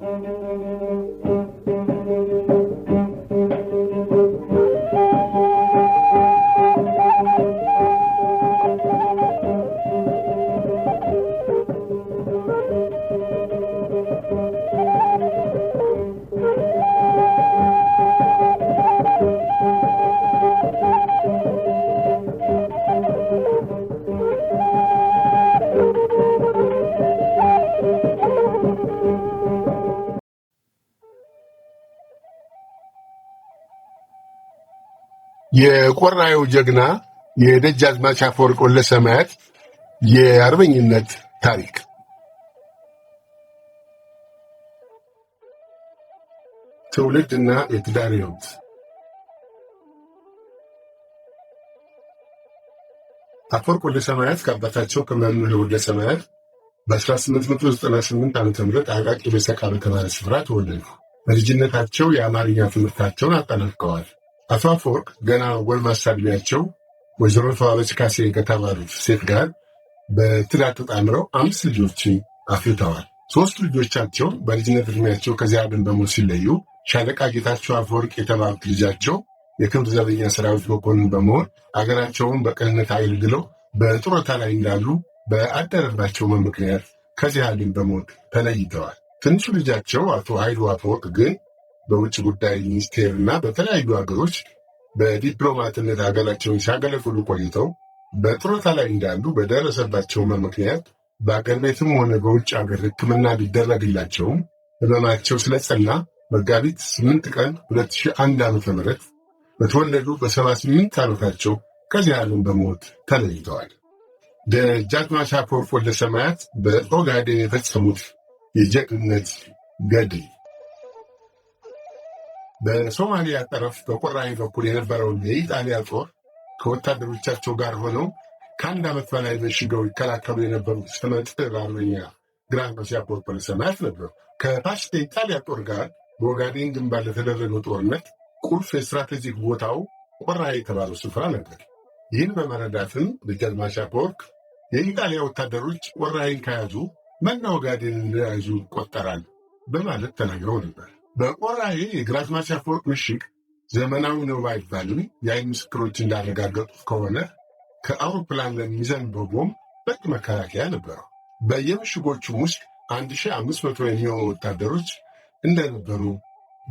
Thank you. የቆራዩ ጀግና የደጃዝማች አፈወርቅ ሰማያት የአርበኝነት ታሪክ ትውልድና የትዳር ሕይወት አፈወርቅ ሰማያት ከአባታቸው ከመምህር ሰማያት በ1898 ዓ ም አቃቂ በሰቃ በተባለ ስፍራ ተወለዱ። በልጅነታቸው የአማርኛ ትምህርታቸውን አጠናቅቀዋል። አቶ አፈወርቅ ገና ጎልማሳ ዕድሜያቸው ወይዘሮ ተዋበች ካሴ ከተባሉት ሴት ጋር በትዳር ተጣምረው አምስት ልጆች አፍርተዋል። ሶስት ልጆቻቸው በልጅነት እድሜያቸው ከዚህ ዓለም በሞት ሲለዩ ሻለቃ ጌታቸው አፈወርቅ የተባሉት ልጃቸው የክብር ዘበኛ ሰራዊት መኮንን በመሆን አገራቸውን በቅንነት አገልግለው በጡረታ ላይ እንዳሉ በአደረባቸው ምክንያት ከዚህ ዓለም በሞት ተለይተዋል። ትንሹ ልጃቸው አቶ ኃይሉ አፈወርቅ ግን በውጭ ጉዳይ ሚኒስቴር እና በተለያዩ ሀገሮች በዲፕሎማትነት ሀገራቸውን ሲያገለግሉ ቆይተው በጡረታ ላይ እንዳሉ በደረሰባቸው ምክንያት በአገር ቤትም ሆነ በውጭ ሀገር ሕክምና ቢደረግላቸውም ህመማቸው ስለጸና መጋቢት ስምንት ቀን 2001 ዓ ም በተወለዱ በ78 ዓመታቸው ከዚህ ዓለም በሞት ተለይተዋል። ደጃዝማች አፈወርቅ ወልደሰማያት በኦጋዴን የፈጸሙት የጀግንነት ገድል በሶማሊያ ጠረፍ በቆራኒ በኩል የነበረውን የኢጣሊያ ጦር ከወታደሮቻቸው ጋር ሆነው ከአንድ ዓመት በላይ በሽገው ይከላከሉ የነበሩት ስመጥር አርበኛ ግራሲያ ኮርፖሬ ሰማያት ነበሩ። ከፓሽ የኢጣሊያ ጦር ጋር በኦጋዴን ግንባር ለተደረገው ጦርነት ቁልፍ የስትራቴጂክ ቦታው ቆራ የተባለው ስፍራ ነበር። ይህን በመረዳትም ጀልማሻ ፖርክ የኢጣሊያ ወታደሮች ቆራይን ከያዙ መና ኦጋዴን እንደያዙ ይቆጠራል በማለት ተናግረው ነበር። በቆራዬ የግራዝማች አፈወርቅ ምሽግ ዘመናዊ ነው ባይባልም የአይን ምስክሮች እንዳረጋገጡት ከሆነ ከአውሮፕላን ለሚዘንበው ቦምብ በቂ መከላከያ ነበረው። በየምሽጎቹም ውስጥ 1500 የሚሆኑ ወታደሮች እንደነበሩ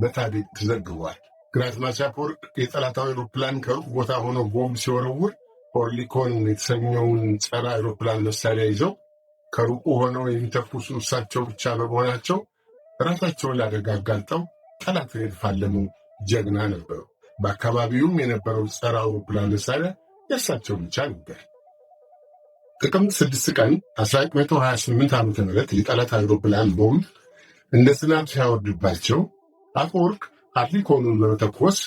በታሪክ ተዘግቧል። ግራዝማች አፈወርቅ የጠላት አውሮፕላን ከሩቅ ቦታ ሆኖ ቦምብ ሲወረውር ኦርሊኮን የተሰኘውን ጸረ አውሮፕላን መሳሪያ ይዘው ከሩቁ ሆነው የሚተኩሱ እሳቸው ብቻ በመሆናቸው ራሳቸውን ለአደጋ አጋልጠው ጠላት የተፋለሙ ጀግና ነበሩ። በአካባቢውም የነበረው ጸረ አውሮፕላን መሳሪያ የእርሳቸው ብቻ ነበር። ጥቅምት 6 ቀን 1928 ዓ ም የጠላት አውሮፕላን ቦምብ እንደ ዝናብ ሲያወርድባቸው አፈወርቅ አፕሊኮኑን በመተኮስ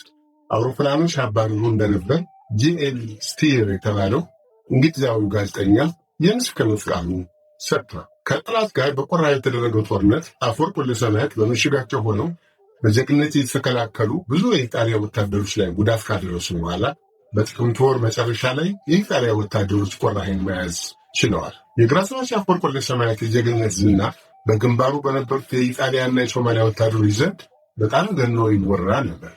አውሮፕላኖች አባርሩ እንደነበር ጂኤል ስቲር የተባለው እንግሊዛዊ ጋዜጠኛ የምስክር ቃሉ ሰጥቷል። ከጠላት ጋር በቆራ የተደረገው ጦርነት አፈወርቅ ወልደ ሰማያት በምሽጋቸው ሆነው በጀግንነት የተከላከሉ ብዙ የኢጣሊያ ወታደሮች ላይ ጉዳት ካደረሱ በኋላ በጥቅምት ወር መጨረሻ ላይ የኢጣሊያ ወታደሮች ቆራሄን መያዝ ችለዋል። የግራስማች አፈወርቅ ወልደ ሰማያት የጀግንነት ዝና በግንባሩ በነበሩት የኢጣሊያና የሶማሊያ ወታደሮች ዘንድ በጣም ገኖ ይወራ ነበር።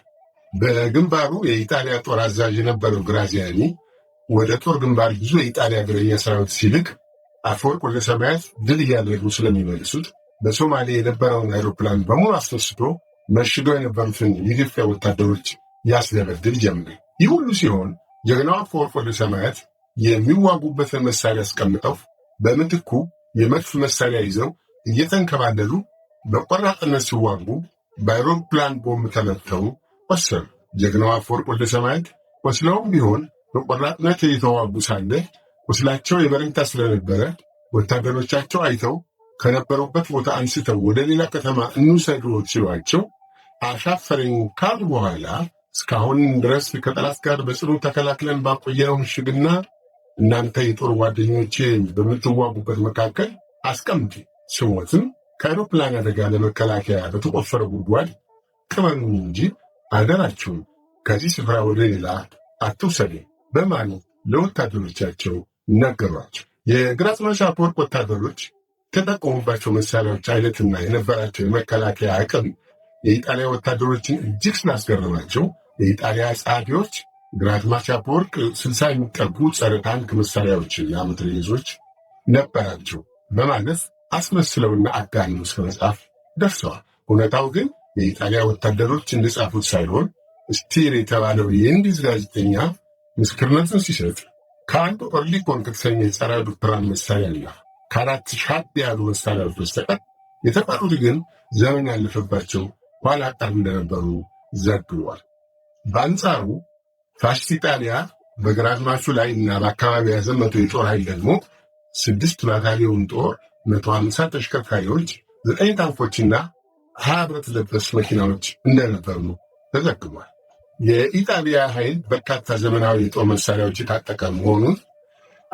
በግንባሩ የኢጣሊያ ጦር አዛዥ የነበረው ግራዚያኒ ወደ ጦር ግንባር ብዙ የኢጣሊያ እግረኛ ሰራዊት ሲልክ አፈወርቅ ወደ ሰማያት ድል እያደረጉ ስለሚመልሱት በሶማሌ የነበረውን አይሮፕላን በሙሉ አስነስቶ መሽገው የነበሩትን የኢትዮጵያ ወታደሮች ያስደበድል ጀምር። ይህ ሁሉ ሲሆን ጀግናው አፈወርቅ ወደ ሰማያት የሚዋጉበትን መሳሪያ አስቀምጠው በምትኩ የመድፍ መሳሪያ ይዘው እየተንከባለሉ በቆራጥነት ሲዋጉ በአይሮፕላን ቦምብ ተመተው ቆሰሉ። ጀግናው አፈወርቅ ወልደ ሰማያት ቆስለውም ቢሆን በቆራጥነት እየተዋጉ ሳለ ቁስላቸው የበረንታ ስለነበረ ወታደሮቻቸው አይተው ከነበሩበት ቦታ አንስተው ወደ ሌላ ከተማ እንውሰድዎት ሲሏቸው አሻፈረኝ ካሉ በኋላ እስካሁን ድረስ ከጠላት ጋር በጽኑ ተከላክለን ባቆየነው ምሽግና እናንተ የጦር ጓደኞቼ በምትዋጉበት መካከል አስቀምጡ፣ ስሞትም ከአይሮፕላን አደጋ ለመከላከያ በተቆፈረ ጉድጓድ ቅበሩ እንጂ አደራችሁም ከዚህ ስፍራ ወደ ሌላ አትውሰዱ በማለት ለወታደሮቻቸው ነገሯቸው። የግራዝማች አፈወርቅ ወታደሮች ተጠቀሙባቸው መሳሪያዎች አይነትና የነበራቸው የመከላከያ አቅም የኢጣሊያ ወታደሮችን እጅግ ስላስገረማቸው የኢጣሊያ ጸሐፊዎች ግራዝማች አፈወርቅ ስልሳ የሚጠጉ ጸረ ታንክ መሳሪያዎችና ምትርይዞች ነበራቸው በማለት አስመስለውና አጋንነው እስከ መጽሐፍ ደርሰዋል። እውነታው ግን የኢጣሊያ ወታደሮች እንደጻፉት ሳይሆን ስቲር የተባለው የእንግሊዝ ጋዜጠኛ ምስክርነቱን ሲሰጥ ከአንዱ ኦርሊ ከፍተኛ የጸረ አውሮፕላን መሳሪያ አለ። ከአራት ሻት ያሉ መሳሪያዎች በስተቀር የተቀሩት ግን ዘመን ያለፈባቸው ኋላ ቀር እንደነበሩ ዘግቧል። በአንጻሩ ፋሽስት ኢጣሊያ በግራዝማቹ ላይ እና በአካባቢ ያዘመተው የጦር ኃይል ደግሞ ስድስት ባታሊዮን ጦር፣ መቶ ሃምሳ ተሽከርካሪዎች፣ ዘጠኝ ታንኮችና ሀያ ብረት ለበስ መኪናዎች እንደነበሩ ተዘግቧል። የኢጣሊያ ኃይል በርካታ ዘመናዊ የጦር መሳሪያዎች የታጠቀ መሆኑን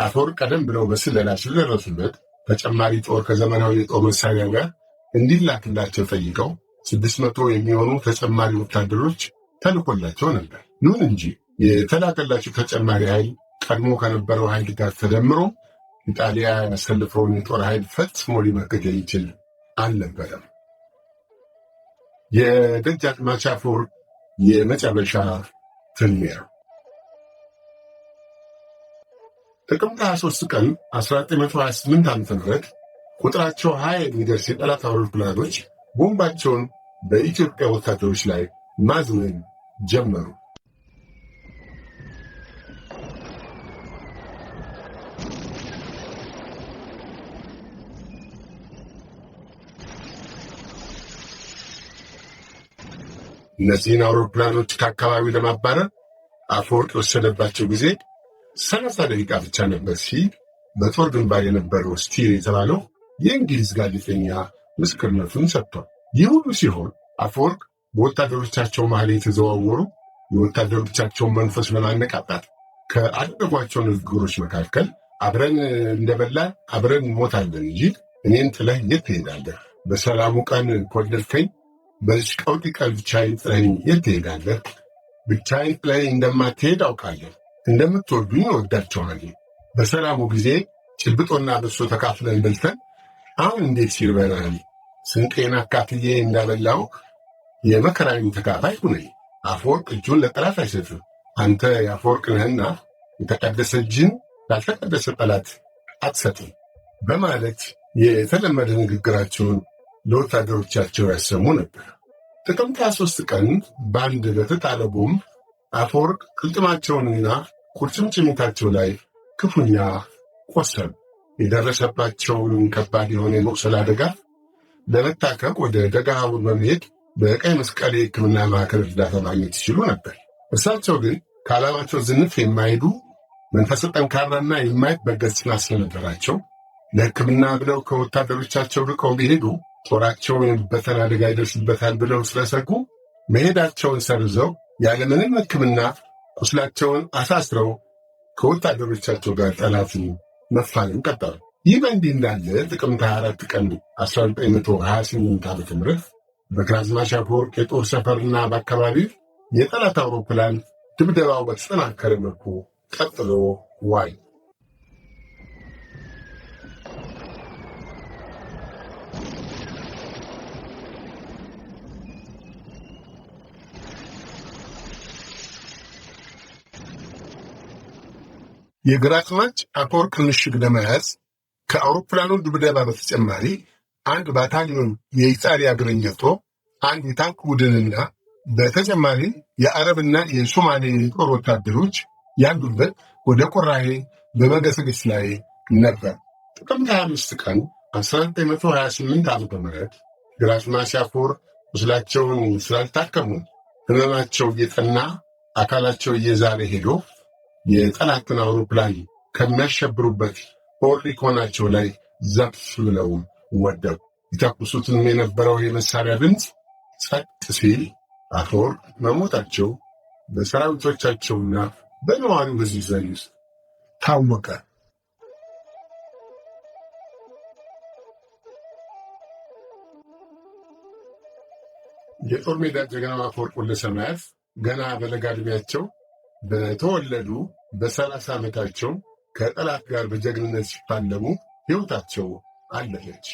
አፈወርቅ ቀደም ብለው በስለላ ስለደረሱበት ተጨማሪ ጦር ከዘመናዊ የጦር መሳሪያ ጋር እንዲላክላቸው ጠይቀው ስድስት መቶ የሚሆኑ ተጨማሪ ወታደሮች ተልኮላቸው ነበር። ይሁን እንጂ የተላከላቸው ተጨማሪ ኃይል ቀድሞ ከነበረው ኃይል ጋር ተደምሮ ኢጣሊያ ያሰልፈውን የጦር ኃይል ፈጽሞ ሊመክት የሚችል አልነበረም። የደጃዝማች አፈወርቅ የመጨረሻ ትንሚያ ጥቅምት 23 ቀን 1928 ዓ ም ቁጥራቸው ሀያ የሚደርስ የጠላት አውሮፕላኖች ቦምባቸውን በኢትዮጵያ ወታደሮች ላይ ማዝነን ጀመሩ። እነዚህን አውሮፕላኖች ከአካባቢ ለማባረር አፈወርቅ የወሰደባቸው ጊዜ ሰላሳ ደቂቃ ብቻ ነበር ሲል በጦር ግንባር የነበረው ስቲር የተባለው የእንግሊዝ ጋዜጠኛ ምስክርነቱን ሰጥቷል። ይህ ሁሉ ሲሆን አፈወርቅ በወታደሮቻቸው መሀል የተዘዋወሩ የወታደሮቻቸውን መንፈስ ለማነቃጣት ከአደረጓቸው ንግግሮች መካከል አብረን እንደበላን አብረን እንሞታለን እንጂ እኔን ትለህ የት ትሄዳለህ? በሰላሙ ቀን ኮደልከኝ በዚቃው ቃ ብቻዬን ጥለኸኝ የት ትሄዳለህ? ብቻዬን ጥለኸኝ እንደማትሄድ አውቃለሁ። እንደምትወዱኝ እወዳቸዋለሁ። በሰላሙ ጊዜ ጭልብጦና በሶ ተካፍለን በልተን አሁን እንዴት ሲርበናል። ስንቄን አካፍዬ እንዳበላው የመከራዊን ተካፋይ ሁነኝ። አፈወርቅ እጁን ለጠላት አይሰጥም። አንተ የአፈወርቅ ነህና የተቀደሰ እጅን ላልተቀደሰ ጠላት አትሰጥም በማለት የተለመደ ንግግራቸውን ለወታደሮቻቸው ያሰሙ ነበር። ጥቅምት 23 ቀን በአንድ በተጣለ ቦምብ አፈወርቅ ቅልጥማቸውንና ቁርጭምጭሚታቸው ላይ ክፉኛ ቆሰሉ። የደረሰባቸውን ከባድ የሆነ የመቁሰል አደጋ ለመታከቅ ወደ ደጋሃቡር በመሄድ በቀይ መስቀል የሕክምና ማዕከል እርዳታ ማግኘት ይችሉ ነበር። እሳቸው ግን ከዓላማቸው ዝንፍ የማይሄዱ መንፈሰ ጠንካራና የማይበገስ ስላስለነበራቸው ለህክምና ለሕክምና ብለው ከወታደሮቻቸው ርቀው ቢሄዱ ጦራቸው በተራ አደጋ ይደርስበታል ብለው ስለሰጉ መሄዳቸውን ሰርዘው ያለምንም ሕክምና ቁስላቸውን አሳስረው ከወታደሮቻቸው ጋር ጠላትን መፋለም ቀጠሉ። ይህ በእንዲህ እንዳለ ጥቅምት 24 ቀን 1928 ዓ ም በግራዝማች አፈወርቅ የጦር ሰፈርና በአካባቢ የጠላት አውሮፕላን ድብደባው በተጠናከረ መልኩ ቀጥሎ ዋይ የግራ አጥማጅ አፈወርቅን ምሽግ ለመያዝ ከአውሮፕላኑ ድብደባ በተጨማሪ አንድ ባታሊዮን የኢጣሊያ እግረኛ ጦር፣ አንድ የታንክ ቡድንና በተጨማሪ የአረብና የሶማሌ የጦር ወታደሮች ያሉበት ወደ ቆራሄ በመገሰገስ ላይ ነበር። ጥቅምት 25 ቀን 1928 ዓ ም ግራዝማች አፈወርቅ ቁስላቸውን ስላልታከሙ ህመማቸው እየጠና አካላቸው እየዛለ ሄዶ የጠላትን አውሮፕላን ከሚያሸብሩበት ኦሪኮናቸው ላይ ዘፍ ብለውም ወደቁ። ይተኩሱትም የነበረው የመሳሪያ ድምፅ ጸጥ ሲል አፈወር መሞታቸው በሰራዊቶቻቸውና በነዋሪው ሕዝብ ዘንድ ውስጥ ታወቀ። የጦር ሜዳ ጀግናው አፈወርቅ ወልደ ገና በለጋ ዕድሜያቸው በተወለዱ በሰላሳ ዓመታቸው ከጠላት ጋር በጀግንነት ሲፋለሙ ሕይወታቸው አለፈች።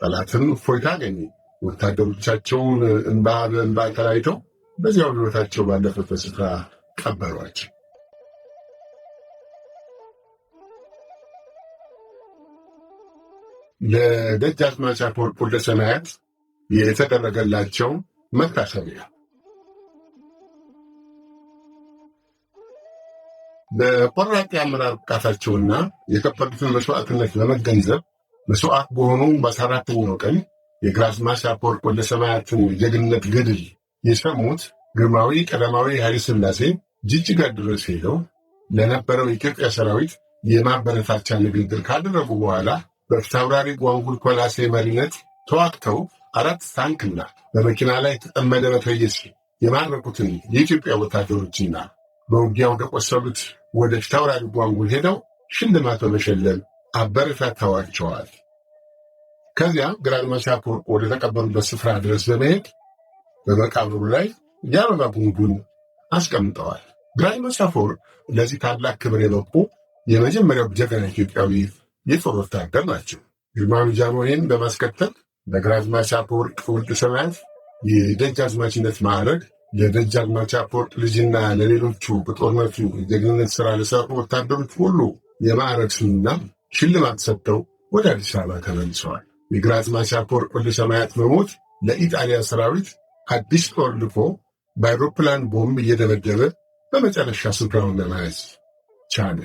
ጠላትም እፎይታ አገኘ። ወታደሮቻቸውን እንባ በእንባ ተላይተው በዚያው ሕይወታቸው ባለፈበት ስፍራ ቀበሯቸው። ለደጃዝማች አፈወርቅ ወልደሰማያት የተደረገላቸው መታሰቢያ በቆራጥ የአመራር ብቃታቸውና የከፈሉትን መስዋዕትነት ለመገንዘብ መስዋዕት በሆኑ በአስራአራተኛው ቀን የግራዝማች አፈወርቅ ወልደ ሰማያትን የጀግንነት ገድል የሰሙት ግርማዊ ቀዳማዊ ኃይለ ሥላሴ ጅጅጋ ድረስ ሄደው ለነበረው የኢትዮጵያ ሰራዊት የማበረታቻ ንግግር ካደረጉ በኋላ በፊታውራሪ ጓንጉል ኮላሴ መሪነት ተዋግተው አራት ታንክና በመኪና ላይ የተጠመደ መትረየስ የማረኩትን የኢትዮጵያ ወታደሮችና በውጊያው ከቆሰሉት ወደ ፊታውራሪ ጓንጉል ሄደው ሽልማት በመሸለም አበረታታዋቸዋል። ከዚያ ግራዝማች አፈወርቅ ወደ ተቀበሩበት ስፍራ ድረስ በመሄድ በመቃብሩ ላይ የአበባ ጉንጉን አስቀምጠዋል። ግራዝማች ለዚህ ታላቅ ክብር የበቁ የመጀመሪያው ጀግና ኢትዮጵያዊ የጦር ወታደር ናቸው። ግርማዊ ጃንሆይን በማስከተል በግራዝማች አፈወርቅ ወርቅ ሰማያት አዝማችነት ማዕረግ አዝማች አፈወርቅ ልጅና ለሌሎቹ በጦርነቱ የጀግንነት ስራ ለሰሩ ወታደሮች ሁሉ የማዕረግ ስምና ሽልማት ሰጥተው ወደ አዲስ አበባ ተመልሰዋል። የግራዝማች አፈወርቅ ወልደ ሰማያት መሞት ለኢጣሊያ ሰራዊት አዲስ ጦር ልኮ በአውሮፕላን ቦምብ እየደበደበ በመጨረሻ ስፍራውን ለመያዝ ቻለ።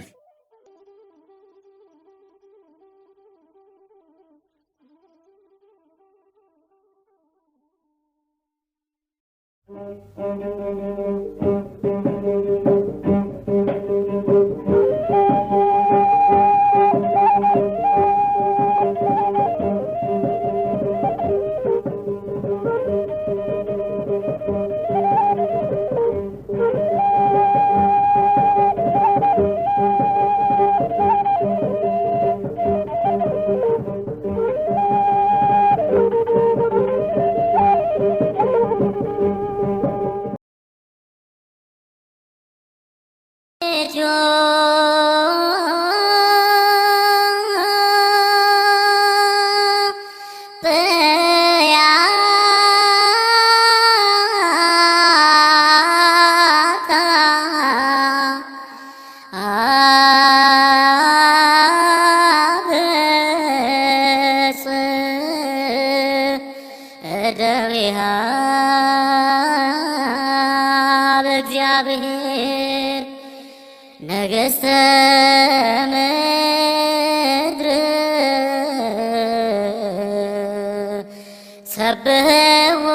እግዚአብሔር ነገሥተ ምድር ሰብሕዎ